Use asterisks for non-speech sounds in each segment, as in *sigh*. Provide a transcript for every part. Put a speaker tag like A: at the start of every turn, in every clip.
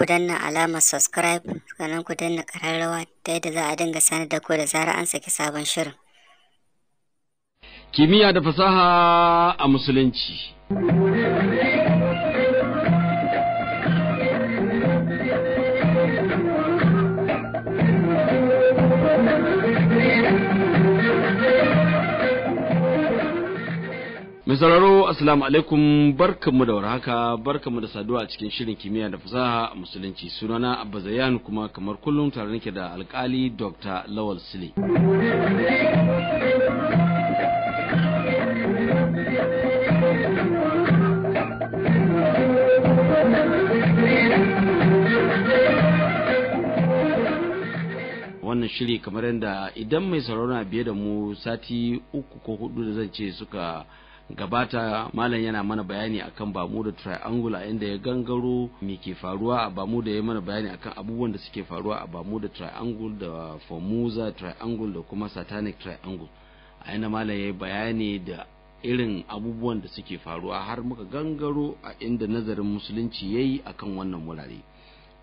A: ku danna alamar subscribe sannan ku danna ƙararrawa ta yadda za a dinga sanar da ku da zarar an saki sabon shirin. Kimiyya da fasaha a Musulunci. Mai sauraro Assalamu alaikum barkanmu da warhaka barkanmu da saduwa a cikin shirin kimiyya da fasaha a musulunci sunana Abba Zayan kuma kamar kullum tare nake da alkali Dr. Lawal Sile. wannan shiri kamar yadda idan mai sauraro na biye da mu sati uku ko hudu da zan ce suka gabata malam yana mana bayani akan bamuda a inda ya gangaro me ke faruwa a da ya mana bayani akan abubuwan da suke faruwa a da triangle da formosa triangle da kuma satanic triangle a inda malam ya yi bayani da irin abubuwan da suke faruwa har muka gangaro a inda nazarin musulunci ya yi a kan wannan wurare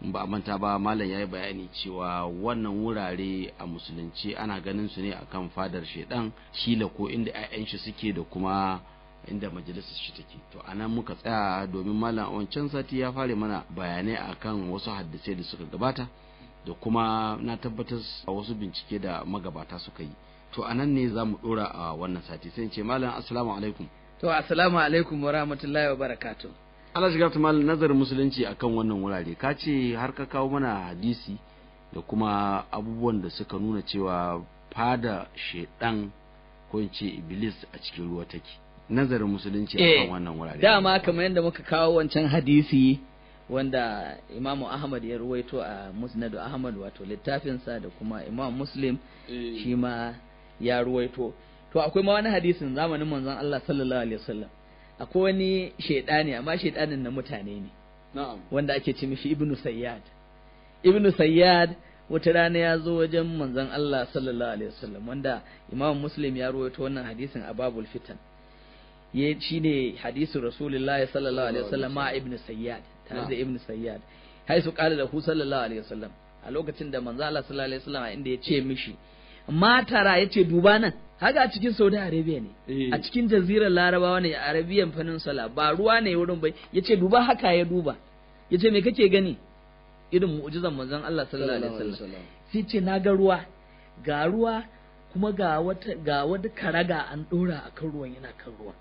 A: ba a manta ba malam ya yi bayani cewa wannan wurare a musulunci ana ganin su ne akan fadar shaidan kila ko inda 'ya'yan shi suke da kuma inda majalisar shi take to anan muka tsaya domin malam wancan sati ya fare mana bayanai akan wasu haddace da suka gabata da kuma na tabbatar a wasu bincike da magabata suka yi to anan ne za mu dora a wannan sati sai ce malam assalamu alaikum
B: to assalamu alaikum wa rahmatullahi wa barakatuh
A: Allah shiga ta malam nazarin musulunci akan wannan wurare ka ce har ka kawo mana hadisi da kuma abubuwan da suka nuna cewa fada shedan ko in ce iblis a cikin ruwa take nazarin musulunci a eh, wannan wurare
B: dama kamar yadda muka kawo wancan hadisi wanda imam ahmad ya ruwaito a musnadu ahmad wato littafinsa da kuma imam muslim eh. shi ma ya ruwaito to akwai ma wani hadisin zamanin manzon Allah sallallahu alaihi wasallam akwai wani shaidani amma shaidanin na mutane ne wanda ake ce mishi Ibn sayyad Ibn sayyad wata rana ya zo wajen manzon Allah sallallahu alaihi wasallam wanda imam muslim ya ruwaito wannan hadisin a babul fitan ya shine hadisin rasulullahi sallallahu alaihi wasallam ma ibn sayyad tare da ibn sayyad kada da hu sallallahu alaihi wasallam a lokacin da manzo Allah sallallahu alaihi wasallam inda ya ce mishi matara yace duba nan haka a cikin Saudi Arabia ne eh. a cikin jazirar Larabawa ne Arabian Peninsula ba ruwa ne wurin bai yace duba haka ya duba yace me kake gani irin mu'jizan manzon Allah sallallahu alaihi wasallam sai ce na ga ruwa ga ruwa kuma ga wata ga wata karaga an dora akan ruwan yana kan ruwan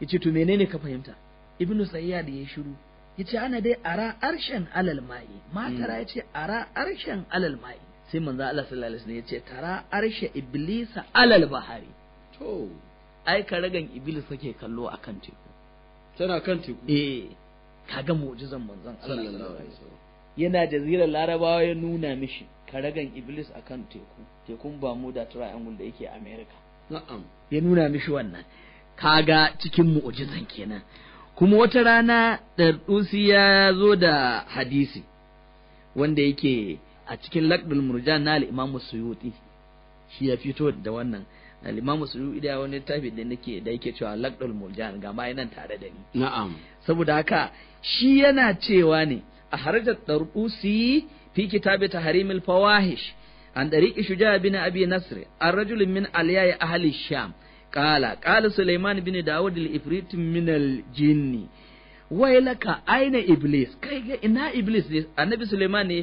B: yace to menene ka fahimta ibnu sayyad ya shiru yace ana dai ara arshen alal ma'i matara yace ara arshen alal ma'i sai manzo Allah sallallahu alaihi wasallam yace tara arshe iblisa alal bahari to ai karagan iblis kake kallo akan teku tana kan teku eh kaga mu'jizan manzon sallallahu alaihi wasallam yana jazirar larabawa ya nuna mishi karagan iblis akan teku tekun da triangle da yake america na'am ya nuna mishi wannan kaga cikin mu'ujizan kenan kuma wata rana ɗarɗusi ya zo da hadisi wanda yake a cikin laƙdul murjan na al'imamu suyuti shi ya fito da wannan al'imamu suyuti da wani tafi da nake da yake cewa laƙdul murjan ga ma nan tare da ni na'am saboda haka shi yana cewa ne a harajar ɗarɗusi fi kitabi Harimil fawahish an dariqi shuja bin abi nasir an rajul min aliyayi ahli sham kala kala Suleiman bin Dawud al-Ifrit min al-jinn wailaka aina iblis kai ga ina iblis ne annabi suleiman ne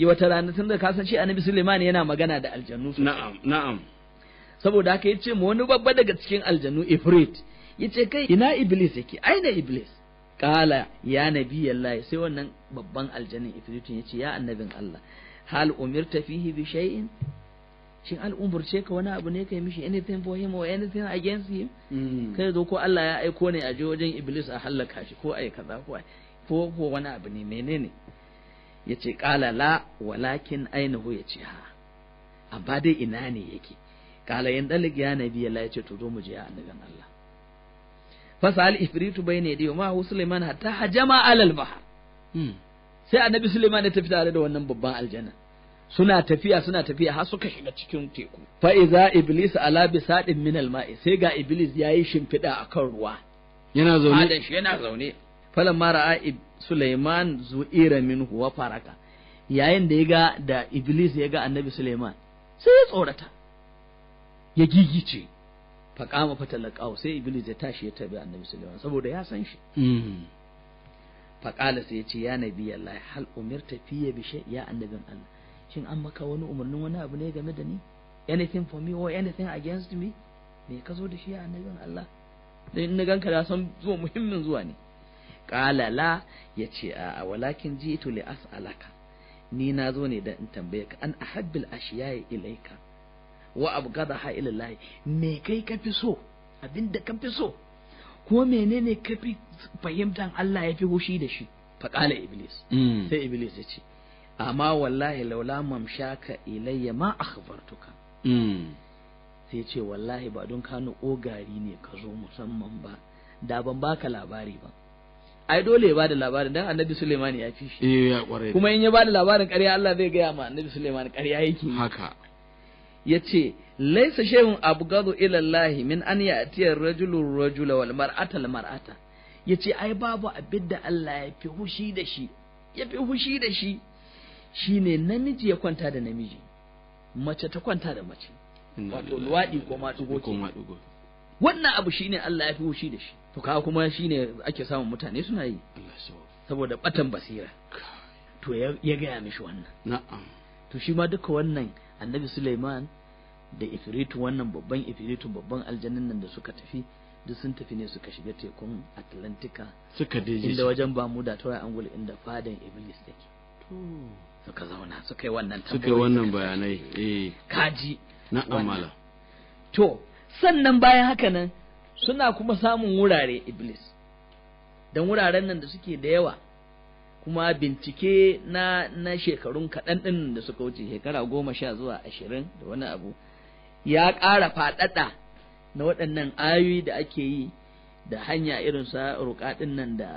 B: yi wata rana tunda ka san shi annabi suleiman yana magana da aljannu na'am na'am saboda haka yace mu wani babba daga cikin aljannu Ifrit yace kai ina iblis yake aina iblis kala ya nabi Allah sai wannan babban aljannin ifritin yace ya annabin Allah hal umirta fihi bi shay'in shin an umurce ka wani abu ne kai mishi anything for him or anything against him mm. kai zo ko Allah ya aiko ne a je wajen iblis a hallaka shi ko ai kaza ko ko ko wani abu ne menene yace qala la walakin ainahu yace ha amma dai ina ne yake qala yan dalig ya nabi Allah yace to zo mu je annaban Allah sal ifritu bayne dio ma hu suleiman hatta hajama alal bahr mm. sai annabi suleiman ya tafi tare da wannan babban aljanna suna tafiya suna tafiya har suka shiga cikin teku fa iza iblis ala bisadin min alma'i sai ga iblis yayi shimfiɗa akan ruwa yana zaune
A: a shi yana zaune
B: falamma ra'a sulaiman zu'ira min huwa faraka yayin da ya ga da iblis ya ga annabi sulaiman sai ya tsorata ya gigice fa kama fa talaqahu sai iblis ya tashi ya tabi annabi sulaiman saboda ya san shi mm-hmm. fa qala sai ya ce ya nabi Allah hal umirta fiye bi ya annabin Allah shin an maka wani umarnin wani abu ne game da ni anything for me or anything against me me ka zo da shi a annabin Allah dan in na ka da san zuwa muhimmin zuwa ne qala la yace a walakin jitu li as'alaka ni na zo ne dan in tambaye ka an ahabbil ashiya'i ilaika wa abghadaha ila Allah me kai ka fi so abinda ka fi so ko menene ka fi fahimtan Allah ya fi hushi da shi qala iblis mm. sai iblis ya ce amma wallahi laula mamshaka ilayya ma akhbartuka mm. sai ce wallahi ba don kano ogari ne ka zo musamman ba da ban baka labari ba ai dole ya bada labarin dan annabi Suleiman ya fi shi eh ya kware kuma in ya bada labarin ƙarya Allah zai gaya ma annabi Suleiman ƙarya yake haka yace laysa shay'un abghadu ila Allah min an ya'tiya ar-rajulu rajula wal mar'ata al mar'ata yace ai babu abin da Allah ya fi hushi da shi ya fi hushi da shi shine namiji ya kwanta da namiji mace ta kwanta da mace
A: wato luwaɗi ko matsugo ke
B: wannan abu shine Allah ya fi hushi da shi to kawo kuma shine ake samun mutane suna yi saboda batan basira to ya gaya mishi wannan to shi ma duka wannan annabi Suleiman da ifiritu wannan babban ifiritu babban aljannin nan da suka tafi duk sun tafi ne suka shiga tekun Atlantika
A: suka inda
B: wajen Bamuda ta Angul inda fadan Iblis take suka zauna suka yi wannan tambayoyi suka yi wannan
A: bayanai eh kaji na mala to
B: sannan bayan haka nan suna kuma samun wurare iblis dan wuraren nan da suke da yawa kuma bincike na na shekarun kaɗan ɗin da suka wuce shekara goma sha zuwa ashirin da wani abu ya ƙara faɗaɗa na waɗannan ayoyi da ake yi da hanya irin sa ruƙaɗin nan da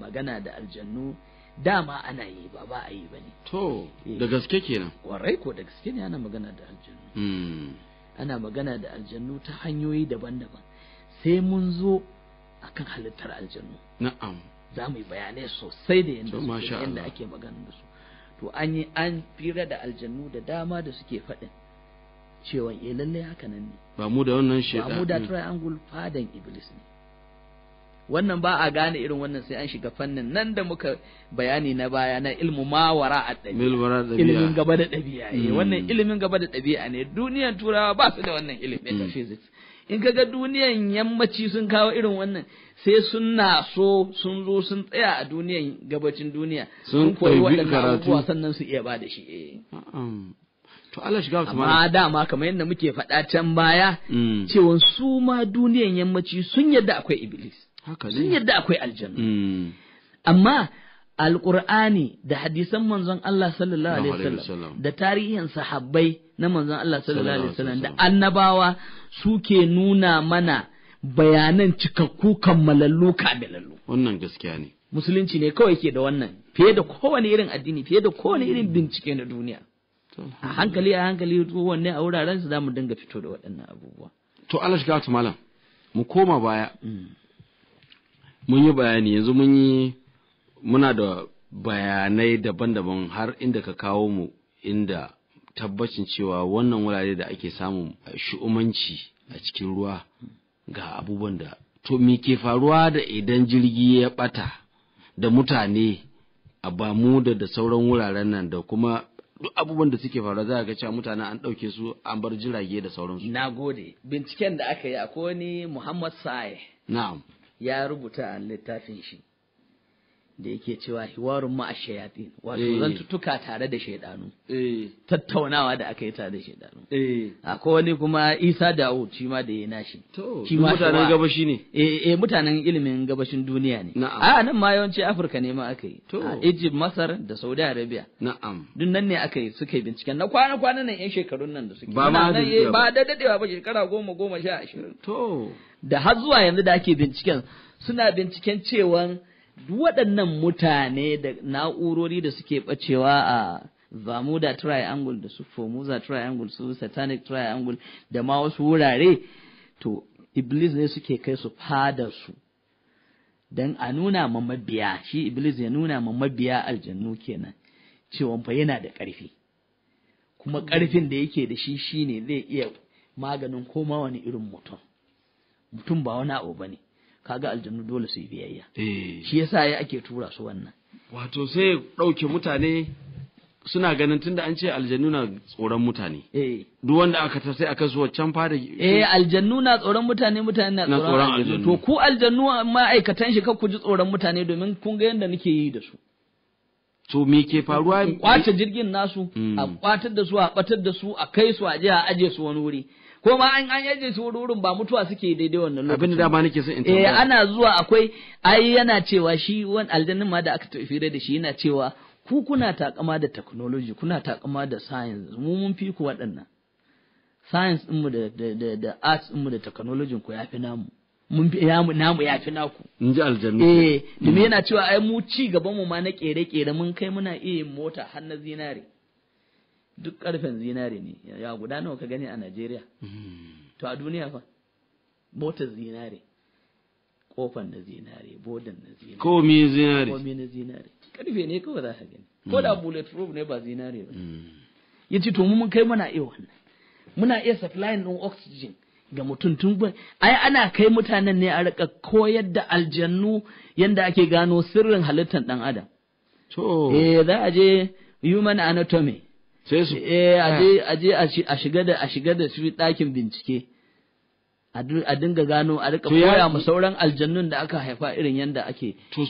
B: magana da aljannu dama ana yi ba ba a yi ba ne
A: to da gaske kenan warai ko da gaske ne ana magana da aljannu hmm.
B: ana magana da aljannu ta hanyoyi daban-daban
A: sai mun zo
B: akan halittar aljannu na'am za mu yi bayanai sosai da yadda ake magana da su to an yi an fira da aljannu da dama da suke faɗin cewa eh lallai haka nan ne
A: ba mu da wannan shaidan ba mu da hmm.
B: triangle fadan iblis ne wannan ba a gane irin wannan sai an shiga fannin nan da muka bayani na baya na ilmu ma wara a
A: ɗabi'a ilimin gaba da
B: ɗabi'a ne eh, hmm. wannan ilimin gaba da ɗabi'a ne duniyan turawa ba su da wannan ilimin metaphysics hmm. in ga duniyan yammaci sun kawo irin wannan sai sun na so sun zo sun tsaya a duniyan gabacin duniya sun koyi waɗannan abubuwa sannan su iya ba da shi eh. To Allah shiga su Amma dama kamar yadda muke faɗa can baya,
A: hmm. cewa
B: su ma duniyan yammaci sun yadda akwai Iblis.
A: sun yadda akwai aljanna hmm.
B: amma alqur'ani da hadisan manzon Allah sallallahu alaihi wasallam da tarihin sahabbai na manzon Allah sallallahu alaihi wasallam da annabawa suke nuna mana
A: bayanan cikakku kammalallu kamilallu wannan gaskiya ne
B: musulunci ne kawai ke da wannan fiye da kowane irin addini fiye da kowane irin bincike na duniya a hankali a hankali wanne a wuraren su zamu dinga fito da waɗannan abubuwa
A: to Allah shiga malam mu koma baya hmm. mun yi bayani yanzu mun yi muna da bayanai daban-daban har inda ka kawo mu inda tabbacin cewa wannan wurare da ake samun shu'umanci a cikin ruwa ga abubuwan da to me ke faruwa da idan jirgi ya bata da mutane a bamu da da sauran wuraren nan da kuma duk abubuwan da suke faruwa za a ga cewa mutane an ɗauke su an bar jirage da sauransu. Na gode.
B: Binciken da aka yi akwai wani Muhammad sa'ai Na'am. ya rubuta a littafin shi
A: da yake cewa
B: hiwarun ma shayatin wato eh. zantuttuka tare da shaidanu eh. tattaunawa da aka yi tare da shaidanu eh. akwai wani kuma isa da'ud shi ma da ya nashi
A: shi mutanen
B: gabashi ne eh mutanen ilimin gabashin duniya ne a nan ma yawanci afirka ne ma aka yi a egypt masar da saudi arabia na'am duk nan ne aka yi suka yi binciken na kwana kwana nan yan shekarun nan da suke ba ma ba da dadewa ba shekara goma goma sha ashirin to da har zuwa yanzu da ake binciken suna binciken cewa waɗannan mutane da na'urori da suke ɓacewa a Bermuda Triangle da su Formosa Triangle su Satanic Triangle da ma wasu wurare to Iblis ne suke kai su fada su don a nuna ma mabiya shi Iblis ya nuna ma mabiya aljannu kenan cewa fa yana da ƙarfi kuma ƙarfin da yake da shi shine zai iya maganin koma wani irin mutum mutum ba wani abu bane kaga aljannu dole su yi biyayya eh. shi yasa ya ake tura su wannan
A: wato sai ɗauke mutane suna ganin tunda an ce aljannu na tsoron mutane eh. duk wanda aka ta sai aka zo can fara eh
B: aljannu na tsoron mutane mutane na tsoron aljannu to ku aljannu ma'aikatan shi ka ku ji tsoron mutane domin kun ga yanda nake yi da su
A: To me ke faruwa? Kwace jirgin nasu, a hmm.
B: kwatar da su, a batar da su, a kai su, a je a aje su wani wuri. ko ma an an yaje su wurin ba mutuwa suke daidai wannan lokacin abin da dama
A: nake so in eh ana
B: zuwa akwai ai yana cewa shi wani aljannin ma da aka tafi da shi yana cewa ku kuna takama da technology kuna takama da science mu mun fi ku waɗannan science din mu da da da arts din mu da technology ku yafi namu mun fi ya namu ya fi naku
A: in ji aljanna eh domin mm. yana
B: cewa ai mu ci gaban mu ma na kere kere mun kai muna iya mota har na zinare duk karfen zinare ne ya guda nawa ka gani a Najeriya mm. to a duniya fa motar zinare kofan na zinare bodan na zinare komi zinare komi na zinare karfe ne kawai za ka gani mm. ko da bullet proof ne ba zinare ba yace to mun kai muna iya wannan muna iya supply din oxygen ga mutum tun ai ana kai mutanen ne a rika koyar da aljannu yadda ake gano sirrin halittar dan adam to eh za a je human anatomy sai su eh a je eh. a je a shiga da a shiga da su ɗakin bincike a dinga gano a rika koya mu sauran aljannun da aka haifa irin yanda ake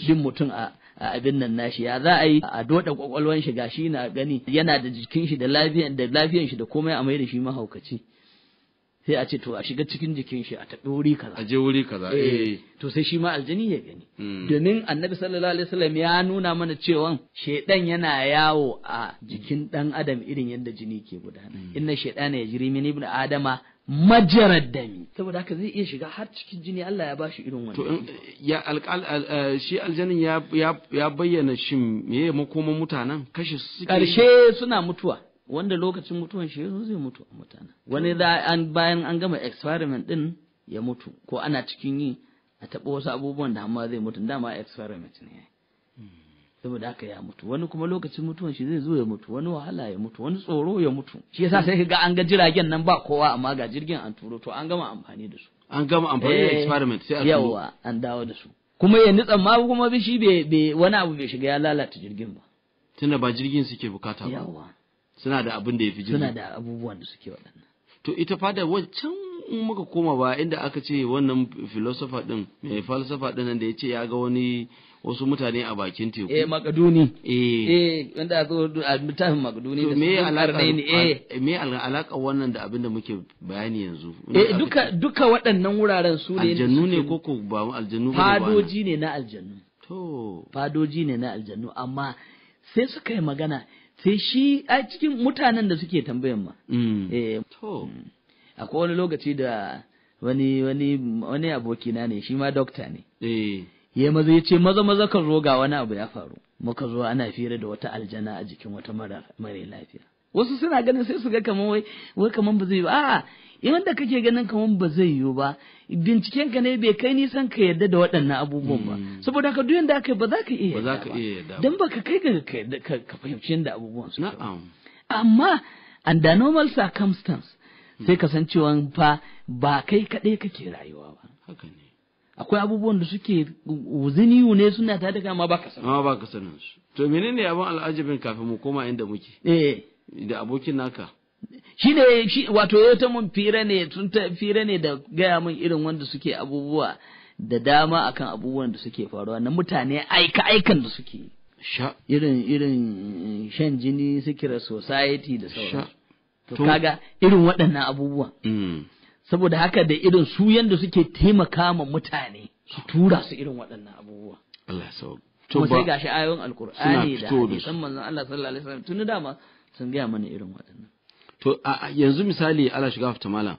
B: bin mutum a a abin nan nashi ya za a yi a doda kwakwalwan shi gashi na gani yana da jikin shi da lafiyan da lafiyan shi da komai a mai da shi mahaukaci sai a ce to a shiga cikin jikin shi a tafi wuri kaza
A: a je wuri kaza eh, eh.
B: to sai shi ma aljani ya gani
A: hmm. domin
B: annabi sallallahu alaihi wasallam ya nuna mana cewa shedan yana yawo a jikin dan adam irin yadda jini ke gudana hmm. inna ya yajri min ibn adama majarar dami saboda haka zai iya shiga har cikin jini Allah ya bashi irin wannan to eh,
A: ya alƙal eh, shi aljanin ya ya bayyana shin meye makoman mutanen kashe su karshe suna mutuwa wanda lokacin mutuwan shi yazo
B: zai mutu a mutane wani da an bayan an gama experiment din ya mutu ko ana cikin yi a taɓa wasu abubuwan da amma zai mutu dama experiment ne saboda haka ya mutu wani kuma lokacin mutuwan shi zai zo ya mutu wani wahala ya mutu wani tsoro ya mutu shi yasa sai ga an ga jiragen nan ba kowa amma ga jirgin an turo to an gama amfani da su an gama amfani da eh, experiment sai an yawa an dawo da su kuma ya nitsan ma kuma shi bai wani abu bai shiga ya lalata
A: jirgin ba tunda ba jirgin suke bukata ba yawa suna da abin da ya fi jirgi suna da abubuwan da suke waɗannan to ita fada wancan in muka koma ba inda aka ce wannan filosofa din mai eh, falsafa din da ya ce ya ga wani wasu mutane a bakin teku eh makaduni eh eh wanda zo a littafin makaduni da me alaka ne eh me alaka wannan da abin da muke bayani yanzu eh duka
B: duka waɗannan wuraren su ne aljannu
A: ne ko ko ba aljannu ba fadoji
B: ne na aljannu to fadoji ne na aljannu amma sai suka yi magana sai shi a cikin mutanen da suke tambayan ma mm. eh, mm. akwai wani lokaci da wani wani wani abokina ne shi ma dokta ne eh. ya maza ya ce maza maza kan roga wani abu ya faru muka zo ana fira da wata aljana a jikin wata mara lafiya wasu suna ganin sai su ga kamar wai wai kamar ba zai ba a'a wanda kake ganin kamar ba zai yiwu ba binciken ka ne bai kai nisan ka yarda da waɗannan abubuwan ba hmm. saboda ka duyan da aka ba za ka iya yarda ba dan ka kai ga ka fahimci yadda abubuwan su na'am amma under normal circumstance sai hmm. cewa fa ba kai kaɗai kake rayuwa ba akwai abubuwan da suke wuzini ne suna ta daga
A: ma ba ka sanin ma ba ka sanin su to menene abin al'ajabin kafin mu koma inda muke eh da abokin naka shi ne wato ya ta mun fira ne sun ta fira ne da gaya mun irin wanda suke abubuwa
B: da dama akan abubuwan da suke faruwa na mutane aika aikan da suke irin irin eh, shan jini sikirar society da sauransu
A: to kaga irin waɗannan abubuwan mm.
B: saboda haka da irin su yanda suke taimaka ma mutane su tura su irin waɗannan abubuwa
A: Allah sau to sai gashi ayoyin alkur'ani da hadisan
B: Allah sallallahu alaihi wasallam tun da ma sun gaya mana irin waɗannan
A: to yanzu misali ala shiga fita malam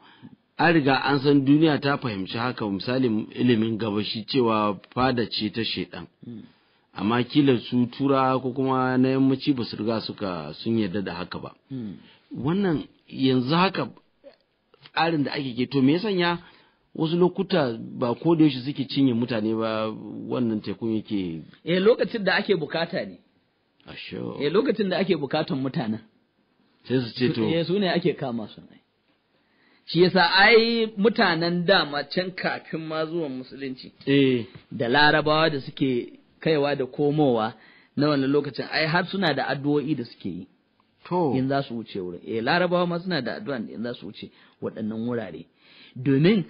A: an riga an san duniya ta fahimci haka misali ilimin gabashi cewa fada ce ta shedan hmm. amma kila su tura ko kuma na yammaci ba su riga suka sun yarda da haka ba hmm. wannan yanzu haka tsarin da ake ke to me sanya wasu lokuta ba ko da yaushe suke cinye mutane ba wannan tekun yake
B: eh lokacin da ake bukata ne ashe eh, lokacin da ake bukatan mutanen
A: sai su ce to eh,
B: su ne ake kama su ne shi yasa ai mutanen dama can kafin ma zuwan musulunci eh. da larabawa da suke kaiwa da komowa na wannan lokacin ai har suna da addu'o'i da suke yi to in za su wuce wurin eh larabawa ma suna da addu'a in za su wuce waɗannan wurare domin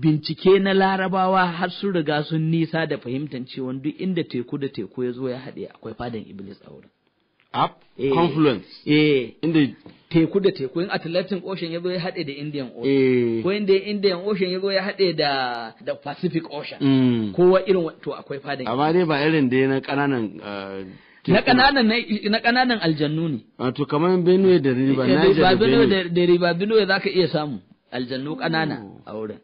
B: bincike na larabawa har sun riga sun nisa da fahimtar cewa duk inda teku da teku ya zo ya haɗe akwai fadan iblis a wurin up eh, confluence eh, inda teku da teku in Atlantic Ocean ya zo ya haɗe da Indian
A: Ocean eh. ko
B: inda Indian Ocean ya zo ya haɗe da da Pacific
A: Ocean mm.
B: kowa irin to akwai fadan amma
A: dai ba irin dai na kananan uh, na kananan
B: na kananan aljannu ne
A: wato ah, kamar Benue da River eh, Niger da Benue da
B: Riba, Benue zaka iya samu aljannu kanana oh. a wurin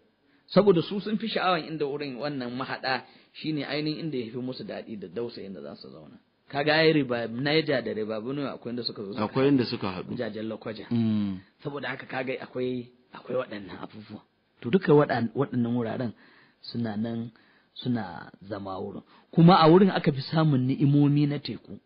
B: saboda su sun fi sha'awan inda wurin wannan mahada shine ainihin inda ya fi musu daɗi da dausayin da za su zauna kaga ya riba ja da riba Benue akwai inda suka zo akwai inda suka haɗu jajen lokwaja mm. saboda haka kaga akwai akwai waɗannan abubuwa to duka waɗannan wuraren suna nan suna zama wurin kuma a wurin aka fi samun ni'imomi na teku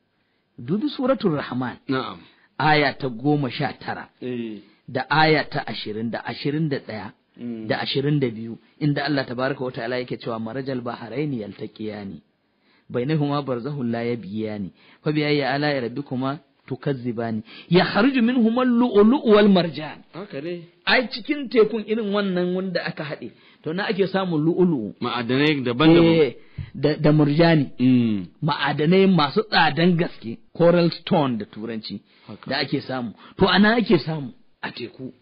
B: dubi suratul rahman na'am aya ta goma sha tara eh. da aya ta ashirin da ashirin da ɗaya mm. da ashirin da biyu inda Allah tabaraka wa ta'ala yake cewa marajal baharaini yaltaqiyani bainahuma barzakhun la yabghiyani fa bi ayyi ala tukazzibani ya kharuju minhuma al-lu'lu' wal marjan haka ai cikin tekun irin wannan wanda aka haɗe to na ake samun lu'ulu
A: ma'adanai daban-daban
B: eh, da murjani mm. ma'adanai masu tsadan gaske coral stone da turanci da ake samu to ana ake samu a teku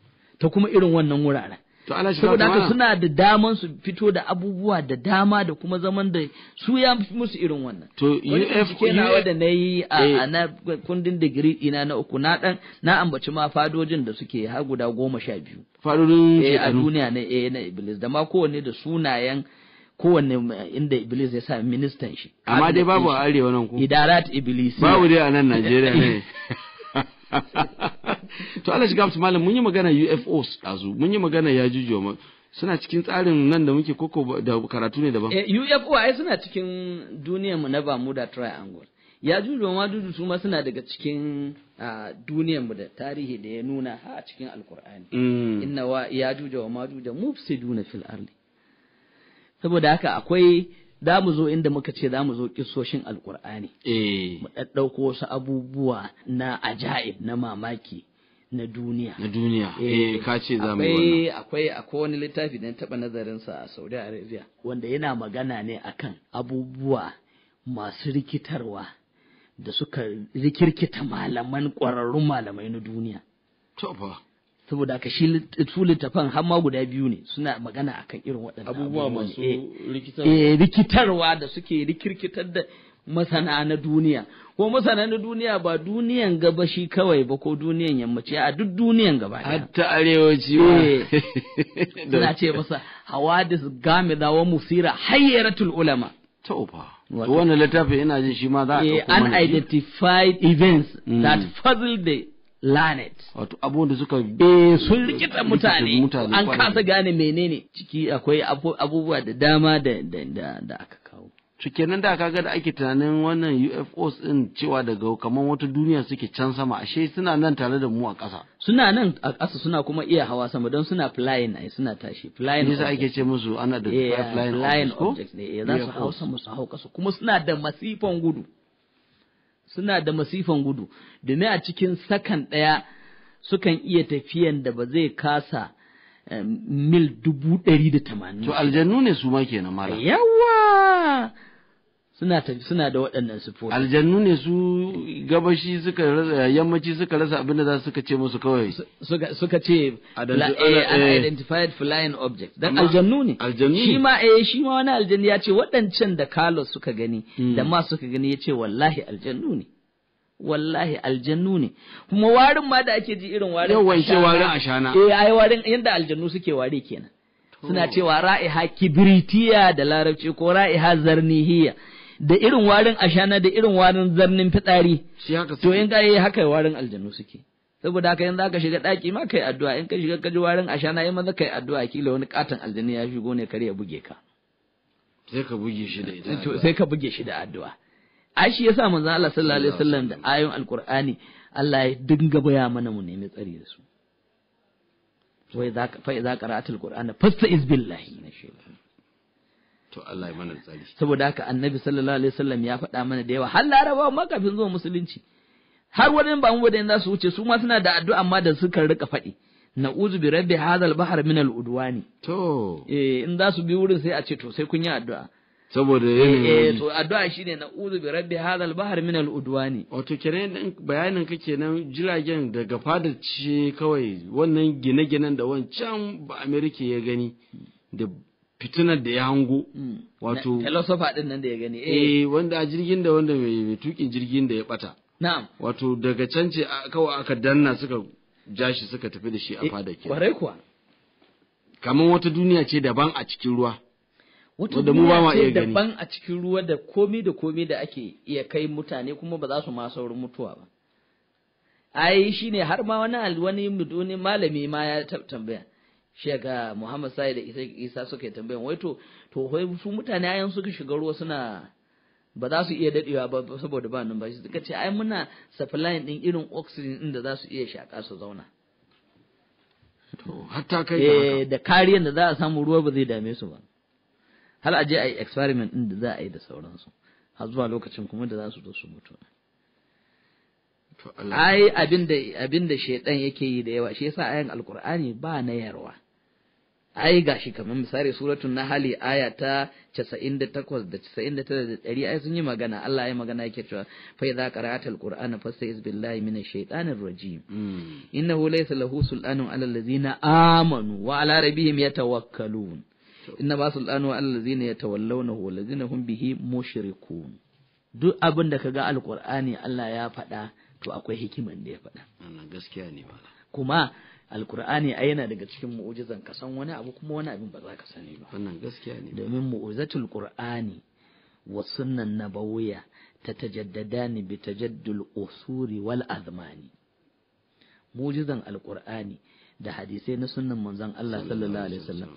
B: ta kuma irin wannan wuraren
A: to Allah shi saboda haka suna
B: da daman su fito da abubuwa da dama da kuma zaman da su ya musu irin wannan
A: to UF na wanda
B: na yi eh. a na kundin digiri ina na uku na dan na ambaci ma fadojin da suke har guda goma sha biyu fadojin eh, a duniya na eh na Iblis da ma kowanne da sunayen kowanne inda Iblis ya sa ministan shi amma dai babu a
A: arewa nan ko idarat Iblis babu dai a nan Najeriya *laughs* ne *laughs* to Allah shiga mutum malam mun yi magana UFOs ɗazu mun yi magana ya jujuwa suna cikin tsarin nan da muke koko da karatu ne daban eh,
B: UFO ai suna cikin duniyar mu na Bermuda Triangle ya jujuwa ma dudu su ma suna daga cikin ah, duniyar mu da tarihi da ya nuna ha a cikin alkur'ani
A: mm. inna
B: wa ya jujuwa ma jujuwa mufsiduna fil ardi saboda haka akwai za mu zo inda muka ce za mu zo kisoshin alkur'ani
A: eh. mu
B: ɗaɗɗauko wasu abubuwa na ajaib na mamaki na duniya
A: na duniya eh, eh ka ce za mu akwai
B: akwai akwai wani littafi da taba nazarinsa a Saudi Arabia wanda yana magana ne akan abubuwa masu rikitarwa da suka rikirkita malaman ƙwararrun malamai na duniya tofa saboda haka shi su littafan har ma guda biyu ne suna magana akan irin waɗannan abubuwa masu eh, eh, rikitarwa da suke rikirkitar da masana na duniya ko masana na duniya ba duniyan gabashi kawai ba ko duniyan yammaci a duk duniyan gaba hatta arewaci eh, suna ce masa hawadis gamida wa musira
A: hayyaratul ulama tauba wannan littafi ina jin shi ma za a eh, ɗauko unidentified events mm. that puzzle the planet. Wato abubuwan da suka be eh, sun rikita mutane an kasa
B: gane menene ciki akwai abubuwa da dama
A: da aka to kenan da kaga da ake tunanin wannan UFOs din cewa daga kamar wata duniya suke can sama ashe suna nan tare da mu a ƙasa suna nan a ƙasa
B: suna kuma iya hawa sama don suna flying ai suna tashi flying yasa ake ce musu ana da flying objects ne eh, za su sama su hawa ƙasa kuma suna da masifan gudu suna da masifan gudu ne a cikin sakan ɗaya sukan iya tafiyan da ba zai kasa mil dubu ɗari da tamanin. To aljannu ne su ma kenan
A: mala. Yawa suna suna da waɗannan sifofi. Aljannu ne su gabashi suka rasa yammaci suka rasa abinda za suka ce musu kawai. Suka suka ce eh, eh, eh.
B: unidentified flying object. Dan aljannu
A: ne. Aljannu. Shi ma
B: eh shi ma wani aljannu ya ce waɗancan da Carlos suka gani hmm. da ma suka gani ya ce wallahi aljannu ne. wallahi aljannu ne kuma warin ma da ake ji irin warin Yau ce warin ashana eh ai warin yanda aljannu suke ware kenan suna cewa ra'iha kibritiya da larabci ko ra'iha zarnihiya da irin warin ashana da irin warin zarnin fitsari to in ka yi haka warin aljannu suke saboda haka yanzu aka shiga daki ma kai addu'a in ka shiga kaji warin ashana yi maza kai addu'a kila wani katon aljannu ya shigo ne kare ya buge ka sai ka
A: buge shi da ita sai ka
B: buge shi da addu'a ai shi yasa manzon Allah sallallahu alaihi wasallam da ayoyin alqur'ani Allah ya dinga baya mana mu nemi tsari da su wai za fa idza qara'at alqur'ana fasta'iz billahi na
A: to Allah ya mana tsari
B: saboda haka annabi sallallahu alaihi wasallam ya faɗa mana da yawa har Laraba ma kafin zuwa musulunci har wani ba mu wadannan za su wuce su ma suna da addu'a amma da suka rika faɗi na'uzu bi rabbi hadha al-bahr min al-udwani to eh in za su bi wurin sai a ce to sai
A: kun yi addu'a saboda eh, yanayin eh to addu'a shine na uzu bi rabbi hadal bahar min al udwani wato kenan dan bayanin ka kenan jiragen daga fada ce kawai wannan gine-ginen da wancan ba amerika ya gani da fitinar da ya hango hmm. wato philosopher
B: din nan da ya gani eh,
A: eh wanda a jirgin da wanda mai tukin jirgin da ya bata na'am wato daga can ce kawai aka danna suka ja shi suka tafi da shi a eh, fada ke kwarai kuwa kamar wata duniya ce daban a cikin ruwa wata ruwa ce daban
B: a cikin ruwa da komai da komai da ake iya kai mutane kuma ba za su ma saurin mutuwa ba ai shine har ma wani wani malami ma ya tambaya shega Muhammad Sai da Isa Isa suka tambayan wai to to su mutane ayan suka shiga ruwa suna ba za su iya dadewa ba saboda ba nan ba shi suka ce ai muna supply din irin oxygen din da za su iya shaka su zauna to hatta kai eh, da kariyar da za a samu ruwa ba zai dame su ba har a je a yi experiment ɗin da za a yi da sauransu har zuwa lokacin kuma da za su zo su mutu ai abin da shedan yake yi da yawa shi yasa ayan alqur'ani ba na yarwa ai gashi kamar misali suratul nahl aya ta 98 da 99 da 100 ai sun yi magana Allah ya magana yake cewa fa idza qara'ata alqur'ana fasta'iz billahi minash shaitanir rajim hmm. innahu laysa lahu sultanun alal ladzina amanu wa ala rabbihim yatawakkalun inna ba su tawallau allazina yatawallawnahu zina hum bihi mushrikun duk abin da kaga alqur'ani Allah ya faɗa to akwai hikiman da ya faɗa kuma alqur'ani ai yana daga cikin mu'ujizan ka san wani abu kuma wani abin ba za ka sani ba wannan gaskiya ne domin mu'uzatul qur'ani wa sunnan nabawiyya tatajaddadani bi tajaddul usuri wal azmani mu'jizan alqur'ani da hadisai na sunnan manzon Allah sallallahu alaihi wasallam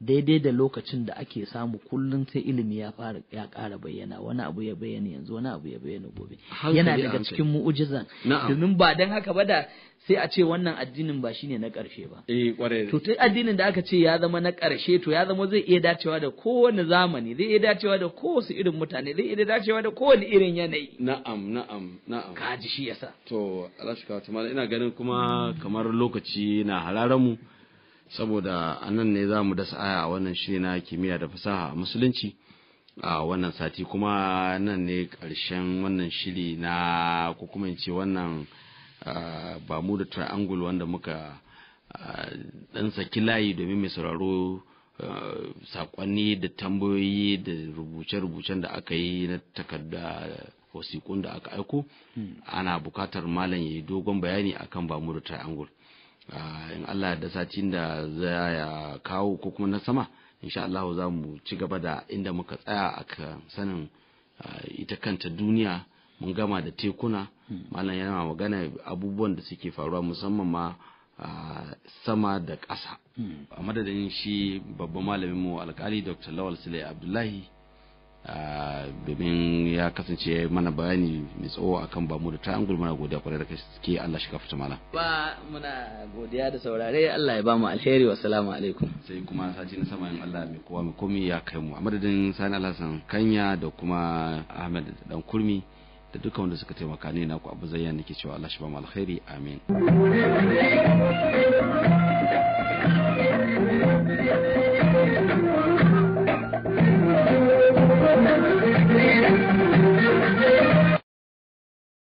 B: daidai da lokacin da ake samu kullum sai ilimi ya fara ya ƙara bayyana wani abu ya bayyana yanzu wani abu ya bayyana gobe yana daga cikin mu'ujizan domin ba dan haka ba da sai a ce wannan addinin ba shine na ƙarshe ba
A: eh to
B: tun addinin da aka ce ya zama na ƙarshe to ya zama zai iya dacewa da kowane zamani zai iya dacewa da kowace irin mutane zai iya dacewa da kowane irin yanayi
A: na'am na'am na'am kaji shi yasa to Allah shi ka ina ganin kuma kamar lokaci na hararamu. mu saboda a nan ne za mu dasa aya a wannan shiri na kimiyya da fasaha a musulunci a wannan sati kuma nan ne ƙarshen wannan shiri na ko wannan ba mu da triangle wanda muka ɗan saki layi domin mai sauraro sakonni da tambayoyi da rubuce-rubucen da aka yi na takarda wasiƙun da aka aiko hmm. ana buƙatar malam ya yi dogon bayani akan ba mu da triangle Ah, in Allah da satin da zaya kawo ko kuma na sama insha Allah za mu ci gaba da inda muka tsaya a sanin ah, ita kanta duniya mun gama da tekuna hmm. malam yana magana abubuwan da suke faruwa musamman ma ah, sama da ƙasa hmm. a madadin shi babban malamin mu alkali dr lawal sule abdullahi Ah, domin ya kasance mana bayani mai tsawo akan bamu da triangle muna godiya kwarai da gaske Allah shi fita mana
B: ba muna godiya da saurare
A: Allah ya bamu alheri wa salamu alaikum sai kuma sati na sama in Allah mai kowa mai komi ya kai mu a Sani Alhassan Kanya da kuma Ahmed Dan Kurmi da duka wanda suka taimaka ne naku abu zayyan nake cewa Allah shi ba mu alheri amin